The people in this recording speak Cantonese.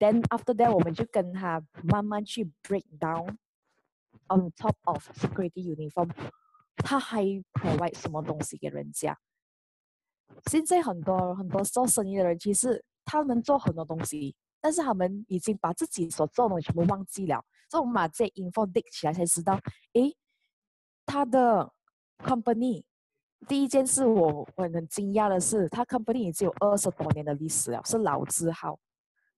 then after that，我們就跟他慢慢去 break down on top of security uniform，他還 provide 什麼東西給人家。現在很多很多做生意的人，其實他們做很多東西，但是他們已經把自己所做嘅嘢全部忘記了。所以我們把這 information 拎起來才知道，誒，他的 company 第一件事，我我很驚訝的是，他 company 已經有二十多年的歷史了，是老字號。